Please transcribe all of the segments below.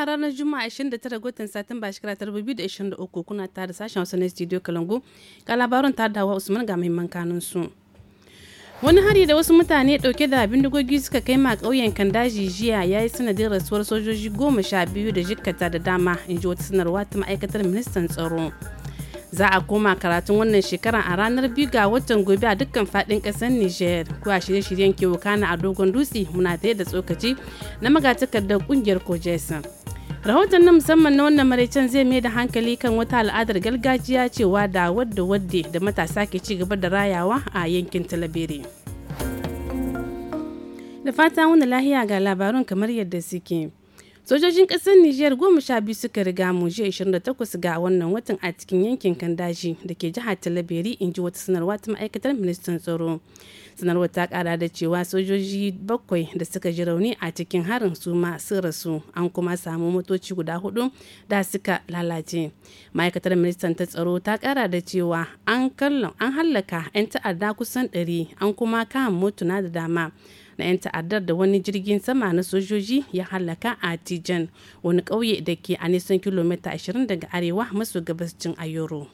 muna ranar Juma'a 29 watan Satumba shekara 2023 kuna tare da sashen wasu na studio Kalangu ga labarin ta dawa Usman ga muhimman kanun su. Wani hari da wasu mutane dauke da abin dugogi suka kai ma kan Kandaji jiya ya yi sanadin rasuwar sojoji goma sha biyu da jikkata da dama in ji wata sanarwa ta ma'aikatar ministan tsaro. Za a koma karatun wannan shekara a ranar biyu ga watan gobe a dukkan fadin kasar Nijar. Ko a shirye-shiryen kewa kana a dogon dutse muna tare da tsokaci na magatakardar kungiyar Kojesan. rahoton na musamman na wannan maraicen zai mai da hankali kan wata al'adar gargajiya cewa da wadda wadde da matasa ke ci gaba da rayawa a yankin talabere da fata wani lahiya ga labarun kamar yadda suke sojojin ƙasar niger goma sha biyu suka riga mu jiya 28 ga wannan watan a cikin yankin kandaji da ke jihar talabere in ji wata sanarwa ta ma'aikatar ministan tsaro sanarwar ta kara da cewa sojoji bakwai da suka ji rauni a cikin harin su ma sun rasu an kuma samu motoci guda hudu da suka lalace ma'aikatar ministan ta tsaro ta kara da cewa an hallaka 'yan ta'adda kusan 100 an kuma kama motuna da dama na 'yan ta'addar da wani jirgin sama na sojoji ya halaka a tijan wani kauye da ke a nisan kilomita 20 daga arewa maso gabascin ayoro.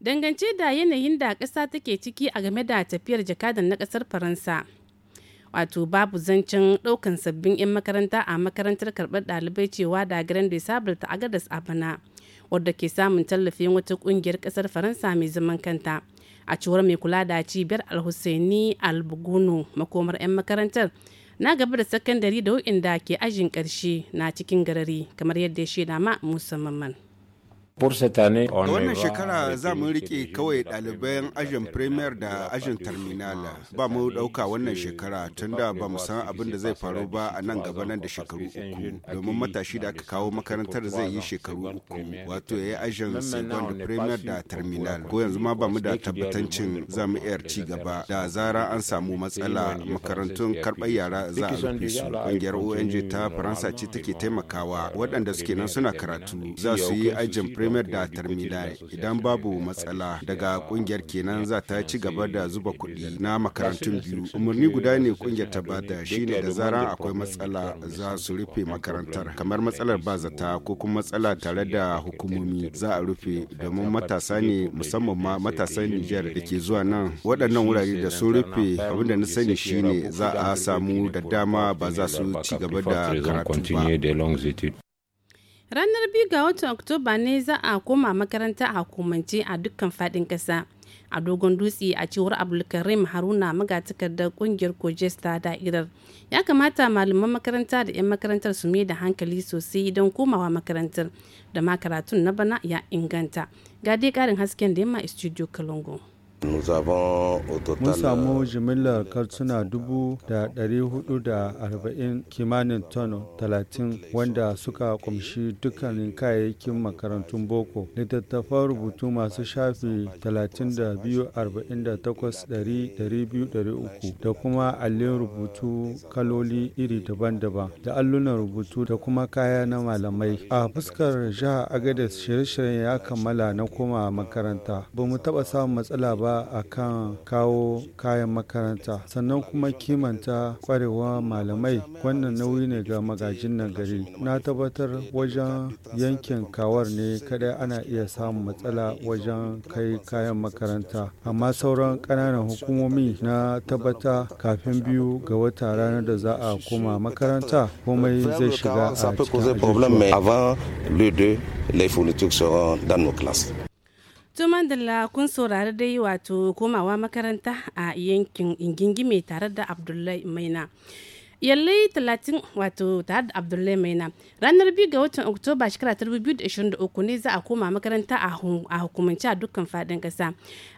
dangance da yanayin da ƙasa take ciki a game da tafiyar jakadan na ƙasar faransa wato babu zancen ɗaukan sabbin 'yan makaranta a makarantar karɓar ɗalibai cewa da grande sabar ta agadas a bana wadda ke samun tallafin wata ƙungiyar ƙasar faransa mai zaman kanta a cewar mai kula da cibiyar alhussaini albuguno makomar 'yan makarantar na gaba da sakandare da wa'inda ke ajin ƙarshe na cikin garari kamar yadda ya shaida ma musamman. wannan shekara za mu rike kawai ɗaliban ajin premier da ajin terminal ba mu ɗauka wannan shekara tunda ba mu san abin da zai faru ba a nan gaba nan da shekaru uku domin matashi da aka kawo makarantar zai yi shekaru uku wato ya yi ajin second premier da terminal ko yanzu ma ba mu da tabbatancin za mu iya ci gaba da zara an samu matsala makarantun karɓar yara za a rufe su ƙungiyar ong ta faransa ce take taimakawa waɗanda suke nan suna karatu za su yi ajin premier girmar da tarmidai idan babu matsala daga kungiyar kenan za ta ci gaba da zuba kuɗi na makarantun biyu umarni guda ne kungiyar ta bada shine da zaran akwai matsala za su rufe makarantar kamar matsalar ba zata ko kuma matsala tare da hukumomi za a rufe domin matasa ne musamman ma matasan Nijar da ke zuwa nan waɗannan wurare da sun rufe abin da na sani shine za a samu da dama ba za su ci gaba da karatu ba. Ranar biyu ga watan Oktoba ne za a koma makaranta a hukumance a dukkan fadin kasa. A dogon dutse a cewar Abdulkarim Haruna magatakardar kungiyar Kojes ta da'irar. Ya kamata malaman makaranta da 'yan makarantar su mai da hankali sosai don komawa makarantar da ma karatun na bana ya inganta. Ga karin hasken da yamma studio Kalongo. Mun samu euh, jimillar karsuna dubu da ɗari hudu da arba'in kimanin ton talatin wanda suka kumshi dukkanin kayayyakin makarantun boko, littattafan rubutu masu shafi talatin da biyu arba'in da kuma allin rubutu kaloli iri daban-daban da allunan rubutu da kuma kaya na malamai. A fuskar jihar Agadez shirye-shiryen ya kammala na koma makaranta. Ba mu taɓa samun matsala ba gaba a kan kawo kayan makaranta sannan kuma kimanta kwarewa malamai wannan nauyi ne ga magajin nan gari na tabbatar wajen yankin kawar ne kadai ana iya samun matsala wajen kai kayan makaranta amma sauran ƙananan hukumomi na tabbata kafin biyu ga wata ranar da za a koma makaranta komai zai shiga a cikin Tuma da kun saurari dai wato komawa makaranta a yankin ingingime tare da Abdullahi Maina. yallai 30 wato tare da abdullahi maina ranar biyu ga watan oktoba shekara 2023 ne za a koma makaranta a hukumance a dukkan fadin kasa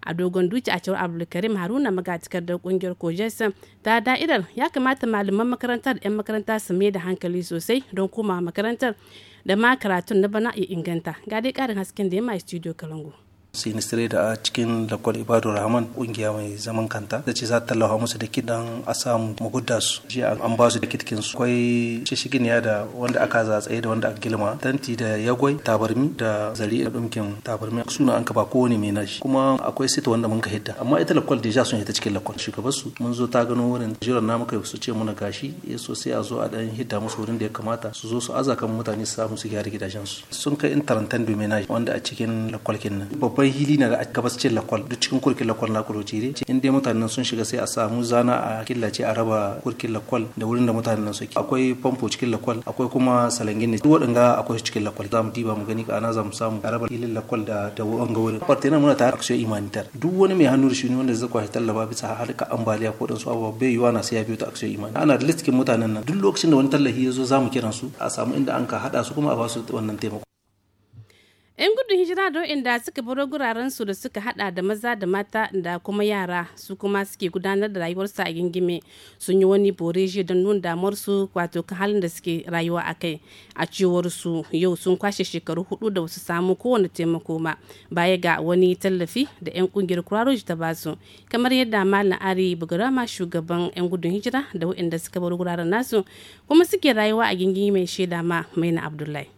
a dogon duci a cewar abdulkarim haruna magatakar da kungiyar Kojesa ta da'irar ya kamata malaman makarantar 'yan makaranta su mai da hankali sosai don koma makarantar da ma karatun na bana ya inganta ga dai karin hasken da ya ma studio kalangu sinistire da a cikin lakwal ibadu rahman kungiya mai zaman kanta da ce za ta tallafa musu da kidan a samu mugudda su shi an ba su da kitkin su akwai shishigin ya da wanda aka zatsaye da wanda aka gilma tanti da yagwai tabarmi da zari da dumkin tabarmi suna an ba kowane mai nashi kuma akwai sita wanda mun ka hidda amma ita lakwal ja sun hita cikin lakwal shugaban su mun zo ta gano wurin jiran namu kai su ce muna gashi ya so sai a zo a dan hidda musu wurin da ya kamata su zo su kan mutane su samu su gyara gidajen su sun kai intarantan nashi wanda a cikin lakwal kenan babban akwai hili na da aka gabas ce lakwal duk cikin kurkin lakwal na kurocire in dai mutanen sun shiga sai a samu zana a killace a raba kurkin lakwal da wurin da mutanen suke akwai famfo cikin lakwal akwai kuma salangin ne duk waɗanda akwai cikin lakwal za mu diba mu gani ka ana zamu samu a raba hilin lakwal da da ga wurin partena muna tare aksiyar imanitar duk wani mai hannu shi ne wanda zai kwashi tallaba bisa harka ambaliya ko dan su abubuwa bai yiwa na sai ya biyo ta aksiyar imani ana da listikin mutanen nan duk lokacin da wani tallafi ya zo zamu kiran su a samu inda an ka hada su kuma a ba wannan taimako 'yan gudun hijira da inda suka baro guraren su da suka hada da maza da mata da kuma yara su kuma suke gudanar da rayuwarsu a gingime sun yi wani boreji don nuna damar su wato ka halin da suke rayuwa a kai a cewar su yau sun kwashe shekaru hudu da wasu samu kowane taimako ma baya ga wani tallafi da 'yan kungiyar kuraroji ta ba su kamar yadda malam ari bugarama shugaban 'yan gudun hijira da waɗanda suka baro guraren nasu kuma suke rayuwa a gingime shaida ma maina abdullahi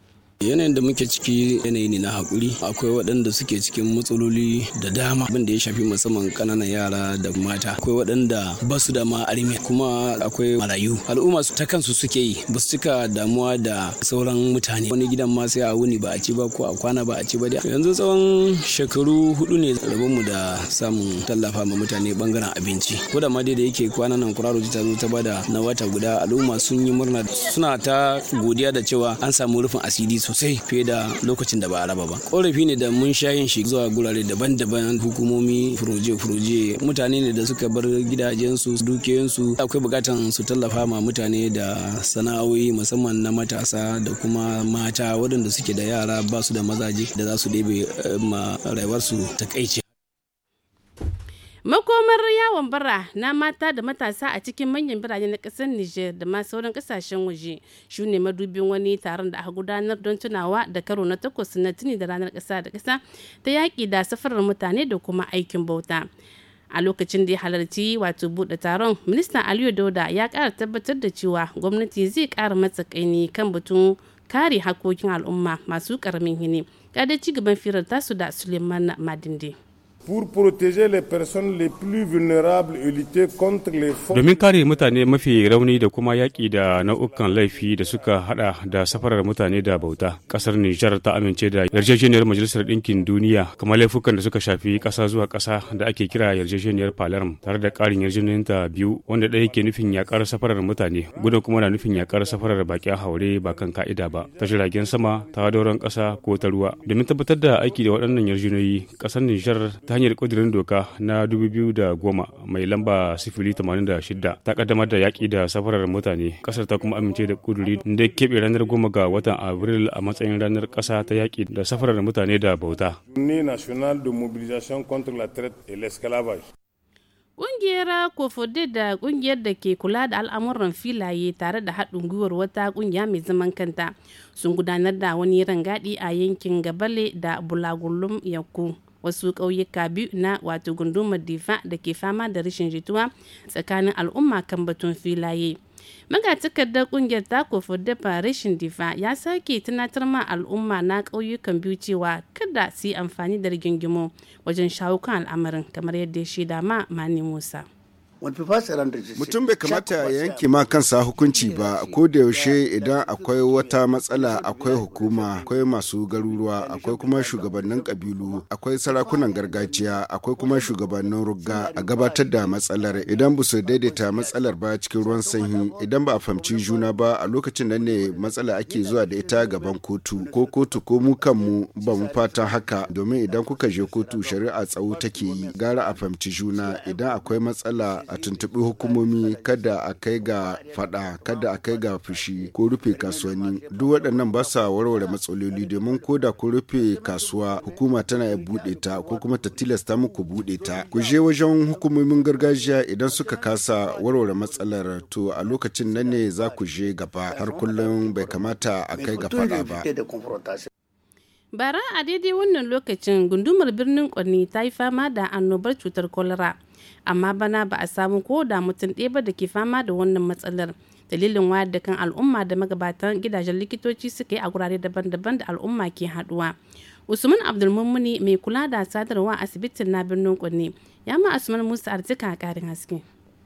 yanayin da muke ciki yanayi ne na hakuri akwai waɗanda suke cikin matsaloli da dama abinda ya shafi musamman ƙananan yara da mata akwai waɗanda ba su da ma arme kuma akwai marayu al'umma su ta kansu suke yi ba su cika damuwa da sauran mutane wani gidan ma sai a wuni ba a ci ba ko a kwana ba a ci ba yanzu tsawon shekaru hudu ne mu da samun tallafa ma mutane bangaren abinci ko da ma dai da yake kwana nan kuraroji ta zo ta bada na wata guda al'umma sun yi murna suna ta godiya da cewa an samu rufin asiri sosai sosai fiye da lokacin da ba a raba ba korafi ne da mun sha yin shi zuwa gurare daban-daban hukumomi furoje-furoje mutane ne da suka bar gidajensu dukiyansu akwai bukatan su tallafa ma mutane da sana'o'i musamman na matasa da kuma mata waɗanda suke da yara ba su da mazaje da za su ɗebe eh, ma rayuwarsu takaici makomar yawon bara na mata da matasa a cikin manyan birane na kasar niger da ma sauran kasashen waje shine madubin wani taron da aka gudanar don tunawa da karo na takwas na tuni da ranar kasa da kasa ta yaƙi da safarar mutane da kuma aikin bauta a lokacin da ya halarci wato buɗe taron ministan aliyu dauda ya ƙara tabbatar da cewa gwamnati zai ƙara matsakaini kan batun kare hakokin al'umma masu ƙaramin hini kada ci gaban firar tasu da suleiman madinde pour protéger les personnes les plus vulnérables et lutter contre les fonds. Domin kare mutane mafi rauni da kuma yaƙi da nau'ukan laifi da suka hada da safarar mutane da bauta, ƙasar Nijar ta amince da yarjejeniyar Majalisar Ɗinkin Duniya kamar laifukan da suka shafi ƙasa zuwa ƙasa da ake kira yarjejeniyar Palerm tare da ƙarin yarjejeniyarta biyu wanda ɗaya ke nufin yaƙar safarar mutane, gudun kuma na nufin yaƙar safarar baƙin haure ba kan ka'ida ba, ta jiragen sama, ta doron ƙasa ko ta ruwa. Domin tabbatar da aiki da waɗannan yarjejeniyoyi, ƙasar Nijar ta ta hanyar ƙudurin doka na 2010 mai lamba 086 ta kaddamar da yaƙi da safarar mutane ƙasar ta kuma amince da kuduri da keɓe ranar goma ga watan abril a matsayin ranar ƙasa ta yaƙi da safarar mutane da bauta. national de mobilisation contre la traite et l'esclavage. Ƙungiyar Kofode da ƙungiyar da ke kula da al'amuran filaye tare da haɗin gwiwar wata ƙungiya mai zaman kanta sun gudanar da wani rangadi a yankin Gabale da Bulagulum Yakku. wasu ƙauyuka biyu na wato gundumar difa da ke fama da rashin jituwa tsakanin al'umma kan batun filaye magatakardar kungiyar tako dafa rashin difa ya sake tunatar ma al'umma na ƙauyukan biyu cewa kada su yi amfani da rigingimo wajen shawo kan al'amarin kamar yadda ya shaida ma mani musa mutum bai kamata ya yanke ma kansa hukunci ba ko da yaushe idan akwai wata matsala akwai hukuma akwai masu garuruwa akwai kuma shugabannin kabilu akwai sarakunan gargajiya akwai kuma shugabannin rugga a gabatar da matsalar idan ba su daidaita matsalar ba cikin ruwan sanyi idan ba a fahimci juna ba a lokacin nan ne matsala ake zuwa da ita gaban kotu ko kotu ko mu kanmu ba mu fatan haka domin idan kuka je kotu shari'a tsawo take yi gara a fahimci juna idan akwai matsala a tuntuɓi hukumomi kada a kai ga fada kada a kai ga fushi ko rufe kasuwanni duk waɗannan ba sa warware matsaloli domin ko da ku rufe kasuwa hukuma tana ya buɗe ta ko kuma ta tilasta muku buɗe ta ku je wajen hukumomin gargajiya idan suka kasa warware matsalar to a lokacin nan ne za ku je gaba har kullum bai kamata a kai ga fada ba bara a daidai wannan lokacin gundumar birnin kwanni ta yi fama da annobar cutar kwalara amma bana ba a samu ko da mutum ɗaya ba da ke fama da wannan matsalar dalilin wayar da kan al'umma da magabatan gidajen likitoci suka yi a gurare daban-daban da al'umma ke haduwa usman abdulmumuni mai kula da sadarwa asibitin na birnin kwanni ya ma usman musa artika karin haske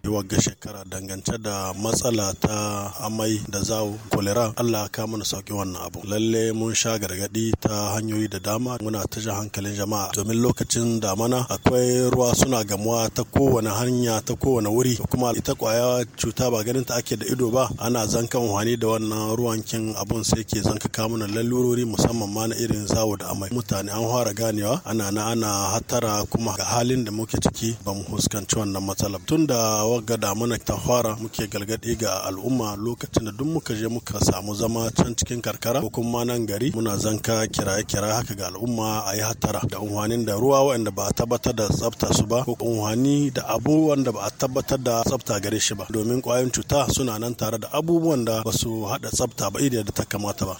wagga shekara dangance da matsala ta amai da zawo kolera Allah ka mana sauki wannan abu lalle mun sha gargadi ta hanyoyi da dama muna ta hankalin jama'a domin lokacin damana akwai ruwa suna gamuwa ta kowane hanya ta kowane wuri kuma ita kwaya cuta ba ganin ta ake da ido ba ana zankan wani da wannan ruwan kin abun sai ke zanka ka mana lalurori musamman ma na irin zawo da amai mutane an fara ganewa ana na ana hatara kuma ga halin da muke ciki ba mu huskanci wannan matsala. tun da wagga mana ta fara muke galgadi ga al'umma lokacin da duk muka je muka samu zama can cikin karkara ko kuma nan gari muna zanka kiraye-kiraye haka ga al'umma a yi hatara da unhwanin da ruwa waɗanda ba a tabbatar da tsafta su ba ko unhwani da abu wanda ba a tabbatar da tsafta gare shi ba domin kwayoyin cuta suna nan tare da abubuwan da ba su haɗa tsafta ba da ta kamata ba.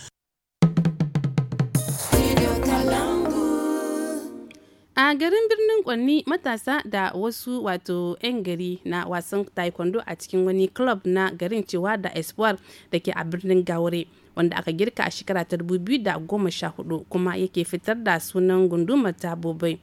a garin birnin kwanni matasa da wasu wato 'yan gari na wasan taekwondo a cikin wani club na garin cewa da espoir da ke a birnin gaure wanda aka girka a shekara ta 2014 kuma yake fitar da sunan gundumar tabobai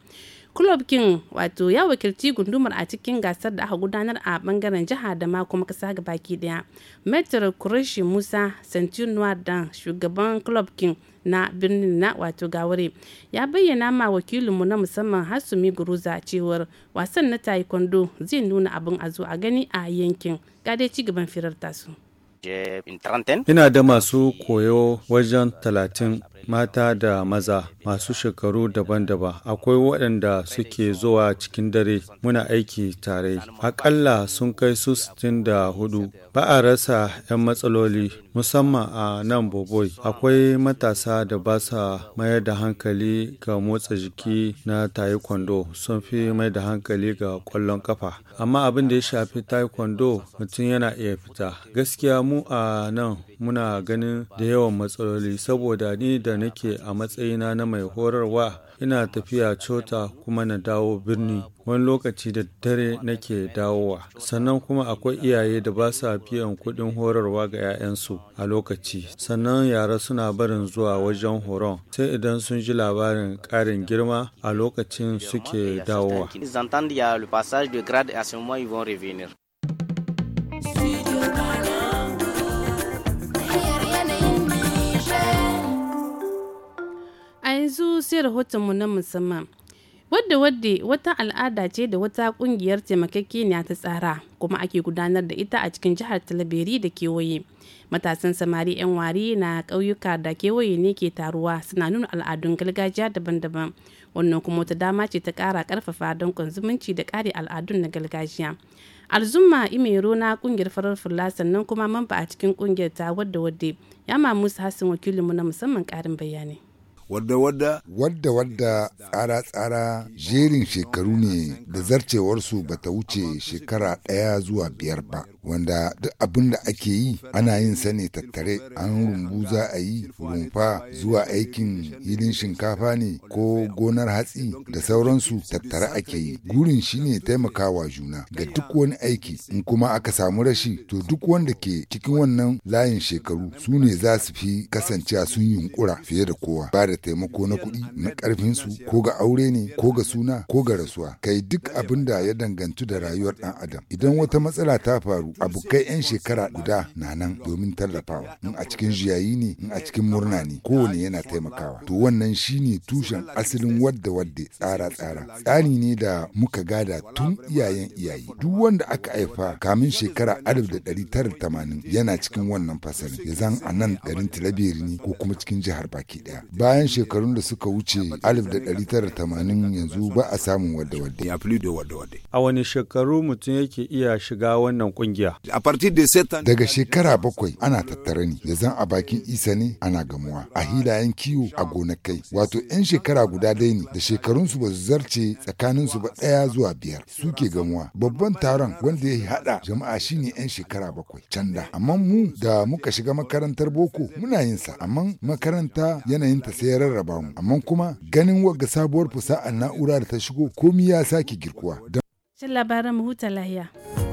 club king wato ya wakilci gundumar a cikin gasar da aka gudanar a bangaren jiha da ma kuma kasa ga baki daya metro kureshi musa santinoir dan shugaban club king na birnin na wato gaware ya bayyana ma wakilinmu na musamman hasumi guruza cewar wasan na taekwondo zai nuna abin a zo a gani a yankin gadai ci gaban firar tasu ina da masu koyo wajen talatin mata da maza masu shekaru daban-daban akwai waɗanda suke zuwa cikin dare muna aiki tare akalla sun kai su 64 ba a rasa 'yan matsaloli musamman a nan boboi akwai matasa da ba sa mayar da hankali ga motsa jiki na taekwondo sun fi mai da hankali ga kwallon kafa amma abin da ya shafi taekwondo mutum yana iya fita gaskiya mu a nan muna ganin da yawan matsaloli saboda ni da da nake a matsayina na mai horarwa ina tafiya cota kuma na dawo birni wani lokaci da dare nake dawowa sannan kuma akwai iyaye da ba sa biyan kuɗin horarwa ga 'ya'yansu a lokaci sannan yara suna barin zuwa wajen horon sai idan sun ji labarin ƙarin girma a lokacin suke dawowa yanzu sai rahotonmu na musamman. Wadda wadda wata al'ada ce da wata kungiyar taimakekeniya ta tsara kuma ake gudanar da ita a cikin jihar Talabiri da kewaye. Matasan samari 'yan wari na ƙauyuka da kewaye ne ke taruwa suna nuna al'adun gargajiya daban-daban. Wannan kuma wata dama ce ta ƙara ƙarfafa don zumunci da ƙare al'adun na gargajiya. alzumma imero na kungiyar farar fulla sannan kuma mamba a cikin kungiyar ta wadda wadda ya mamusa hassan wakilinmu na musamman karin bayani wadda wadda tsara-tsara jerin shekaru ne da zarcewarsu ba ta wuce shekara ɗaya zuwa biyar ba wanda duk abin da ake yi ana yin sa tattare an rumbu za a yi rumfa zuwa aikin hilin shinkafa ne ko gonar hatsi da sauransu tattare ake yi gurin shine taimakawa juna ga duk wani aiki in kuma aka samu rashi to duk wanda ke cikin wannan layin shekaru su ne za su fi kasancewa sun yunkura fiye da kowa ba da taimako na kuɗi na ƙarfinsu ko ga aure ne ko ga suna ko ga rasuwa kai duk abin da ya danganci da rayuwar ɗan adam idan wata matsala ta faru abokai 'yan shekara guda na nan domin tallafawa in a cikin jiyayi ne in a cikin murna ne kowane yana taimakawa to wannan shine tushen asalin wadda wadda tsara tsara tsari ne da muka gada tun iyayen iyaye duk wanda aka haifa kamin shekara 1980 yana cikin wannan fasalin ya zan a nan garin tilabiri ne ko kuma cikin jihar baki daya bayan shekarun da suka wuce 1980 yanzu ba a samun wadda wadda a wani shekaru mutum yake iya shiga wannan kungiya jiya. Daga shekara bakwai ana tattara ni, da zan a bakin isa ne ana gamuwa, a hilayen kiwo a gonakai, wato 'yan shekara guda dai ne da shekarunsu ba su zarce tsakaninsu ba ɗaya zuwa biyar suke gamuwa. Babban taron wanda ya haɗa jama'a shi ne 'yan shekara bakwai Canda. Amma mu da muka shiga makarantar boko muna yin sa, amma makaranta yanayin ta sai ya rarraba mu. Amma kuma ganin wagga sabuwar fusa'ar na'ura da ta shigo komi ya sake girkuwa. Shin labaran mu huta lahiya.